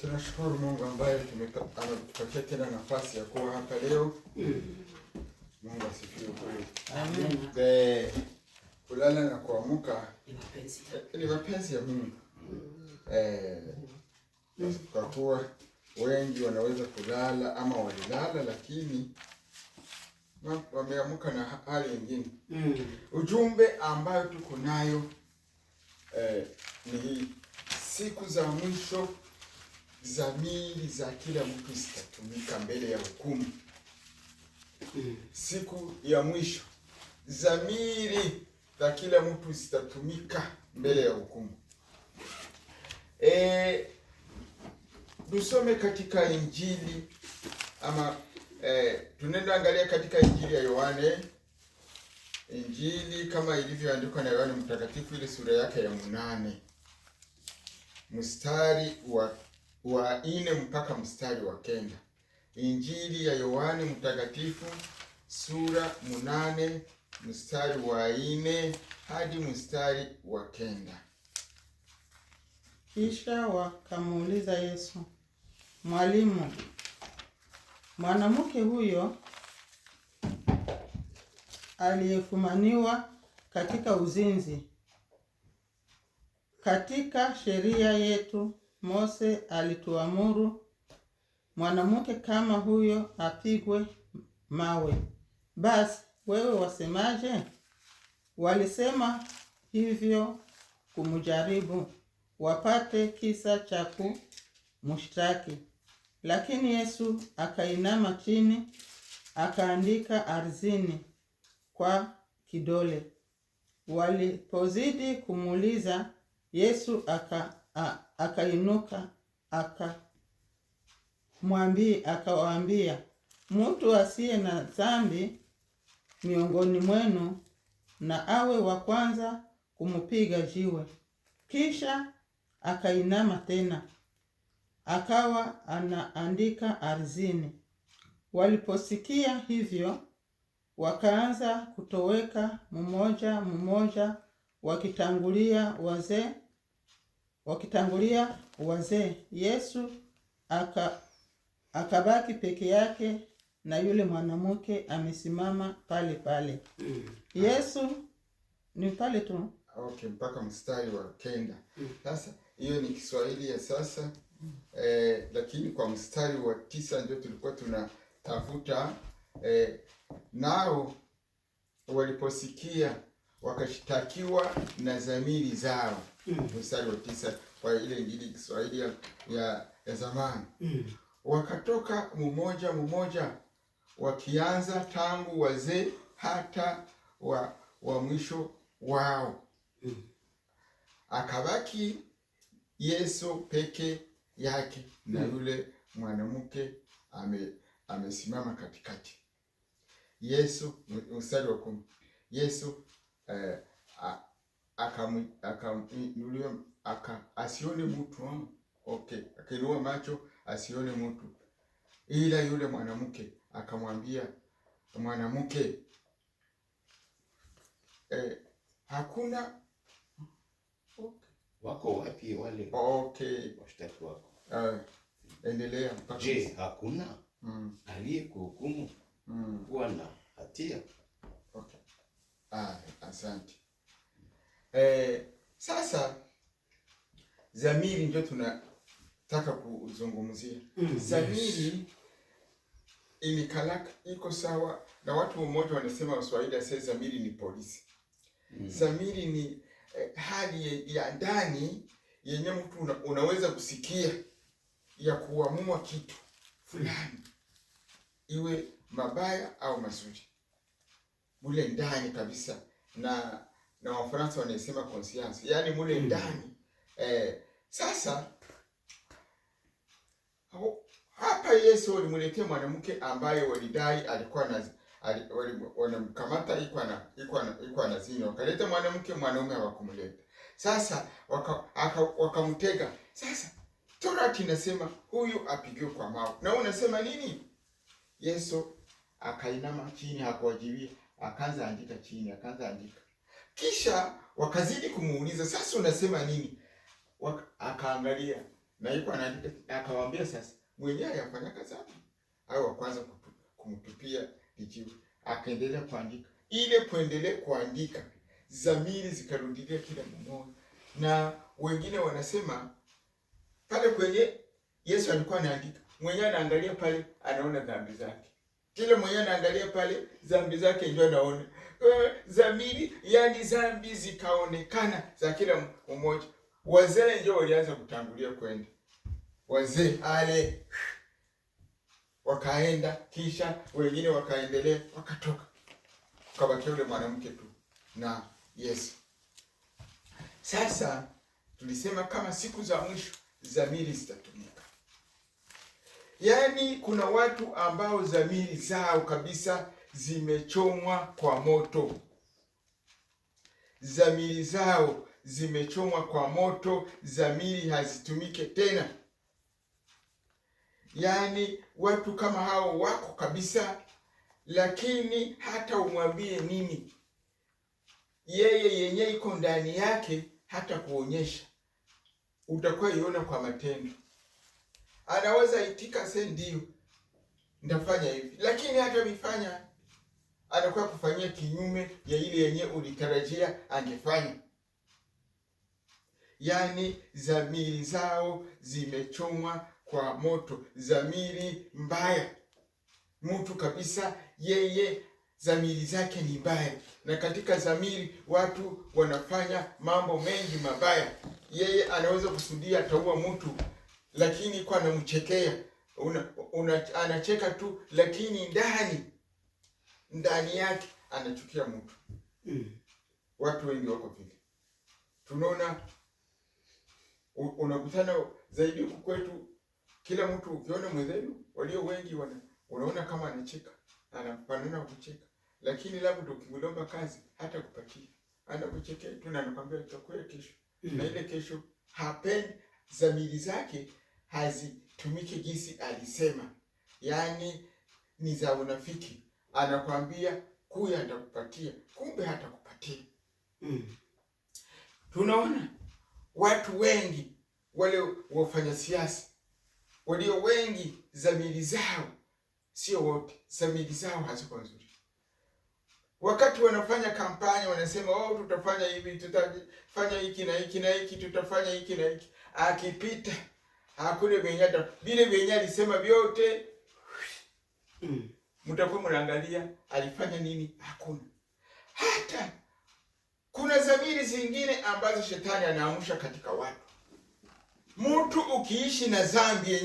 Tunashukuru Mungu ambaye ametupatia tena nafasi ya kuwa hapa leo. Mungu asifiwe kweli. Amen. Eh, kulala na kuamka ni mapenzi ya Mungu. Eh, kwa kuwa wengi wanaweza kulala ama walilala lakini wameamka na hali nyingine. Ujumbe ambayo tuko nayo eh, ni hii siku za mwisho dhamiri za kila mtu zitatumika mbele ya hukumu mm. siku ya mwisho. Dhamiri za kila mtu zitatumika mbele ya hukumu. E, tusome katika Injili ama e, tunaenda angalia katika Injili ya Yohane, Injili kama ilivyoandikwa na Yohane Mtakatifu ile sura yake ya munane mstari wa wa nne mpaka mstari wa kenda. Injili ya Yohani mtakatifu sura munane mstari wa nne hadi mstari wa kenda. Kisha wakamuuliza Yesu, Mwalimu, mwanamke huyo aliyefumaniwa katika uzinzi, katika sheria yetu Mose alituamuru mwanamke kama huyo apigwe mawe. Basi wewe wasemaje? Walisema hivyo kumjaribu, wapate kisa cha kumshtaki. Lakini Yesu akainama chini, akaandika ardhini kwa kidole. Walipozidi kumuuliza, Yesu aka, a, akainuka akamwambia akawaambia, mtu asiye na dhambi miongoni mwenu na awe wa kwanza kumpiga jiwe. Kisha akainama tena akawa anaandika ardhini. Waliposikia hivyo, wakaanza kutoweka mmoja mmoja, wakitangulia wazee wakitangulia wazee. Yesu aka, akabaki peke yake na yule mwanamke amesimama pale pale. Mm. Yesu ni pale tu. Okay, mpaka mstari wa kenda. Mm. Sasa hiyo ni Kiswahili ya sasa mm. eh, lakini kwa mstari wa tisa ndio tulikuwa tunatafuta eh, nao waliposikia wakashtakiwa na dhamiri zao. Mm. Mstari wa tisa kwa ile Injili Kiswahili ya, ya, zamani zamani mm. wakatoka mmoja mmoja wakianza tangu wazee hata wa, wa mwisho wao. Mm. Akabaki Yesu peke yake na yule mwanamke ame, amesimama katikati. Yesu, mstari wa kumi. Yesu eh, aka, asione mtu okay, akainua macho asione mtu, ila yule mwanamke akamwambia mwanamke, eh, hakuna okay. Wako wapi wale okay, washtaki wako eh, endelea. Je, hakuna mm. aliyekuhukumu mm. kuwa na hatia? Ah, asante. Eh, sasa dhamiri ndio tunataka kuzungumzia. Dhamiri mm, ilikalaka iko sawa na watu mmoja wanasema Waswahili asema dhamiri ni polisi. Dhamiri mm. ni eh, hali ya ndani yenye mtu una, unaweza kusikia ya kuamua kitu fulani mm. iwe mabaya au mazuri mule ndani kabisa, na na Wafaransa wanasema conscience, yaani mule mm. ndani Eh, sasa hapa Yesu walimletea mwanamke ambaye walidai alikuwa na wanamkamata iko zini, wakaleta mwanamke, mwanaume hawakumleta. Sasa wakamtega waka. Sasa Torati inasema huyu apigiwe kwa mawe, na unasema nini? Yesu akainama chini hakuwajibia. Akaanza andika chini, akaanza andika, kisha wakazidi kumuuliza, sasa unasema nini? Akaangalia na yuko anaandika, akawaambia sasa mwenyewe ayafanya kazabu au kwanza kumtupia kijiwe, akaendelea kuandika. Ile kuendelea kuandika, zamiri zikarudilia kila mmoja, na wengine wanasema pale kwenye Yesu alikuwa anaandika, mwenyewe anaangalia pale, anaona dhambi zake. Kila mwenye anaangalia pale zambi zake ndio anaona zamiri eh, yani zambi zikaonekana za kila mmoja. Wazee ndio walianza kutangulia kwenda, wazee ale wakaenda, kisha wengine wakaendelea, wakatoka, ukabakia yule mwanamke tu na Yesu. Sasa tulisema kama siku za mwisho zamiri zitatumika. Yaani kuna watu ambao dhamiri zao kabisa zimechomwa kwa moto, dhamiri zao zimechomwa kwa moto, dhamiri hazitumike tena. Yaani watu kama hao wako kabisa, lakini hata umwambie nini, yeye yenye iko ndani yake hata kuonyesha, utakuwa iona kwa matendo anaweza itika se ndio ndafanya hivi, lakini hata mifanya anakuwa kufanyia kinyume ya ile yenye ulitarajia angefanya. Yaani dhamiri zao zimechomwa kwa moto, dhamiri mbaya. Mtu kabisa yeye dhamiri zake ni mbaya, na katika dhamiri watu wanafanya mambo mengi mabaya. Yeye anaweza kusudia ataua mtu lakini kwa anamchekea una, una, anacheka tu, lakini ndani ndani yake anachukia mtu mm. Watu wengi wako vile, tunaona unakutana zaidi huku kwetu, kila mtu ukiona mwenzenu walio wengi wana, unaona kama anacheka anafanana kucheka, lakini labda ukimlomba kazi hata kupatia anakuchekea tu na anakwambia itakuwa kesho mm. na ile kesho hapendi zamiri zake hazitumiki jinsi alisema, yaani ni za unafiki. Anakwambia kuya atakupatia, kumbe hatakupatia. Mm. Tunaona watu wengi wale wafanya siasa walio wengi, zamiri zao sio wote, zamiri zao haziko nzuri. Wakati wanafanya kampanya wanasema, oh, tutafanya hivi, tutafanya hiki na hiki na hiki, tutafanya hiki na hiki, akipita hakuna vyenye hata vile vyenye alisema vyote mtakuwa mnaangalia alifanya nini? Hakuna hata. Kuna zamiri zingine ambazo shetani anaamsha katika watu. Mtu ukiishi na dhambi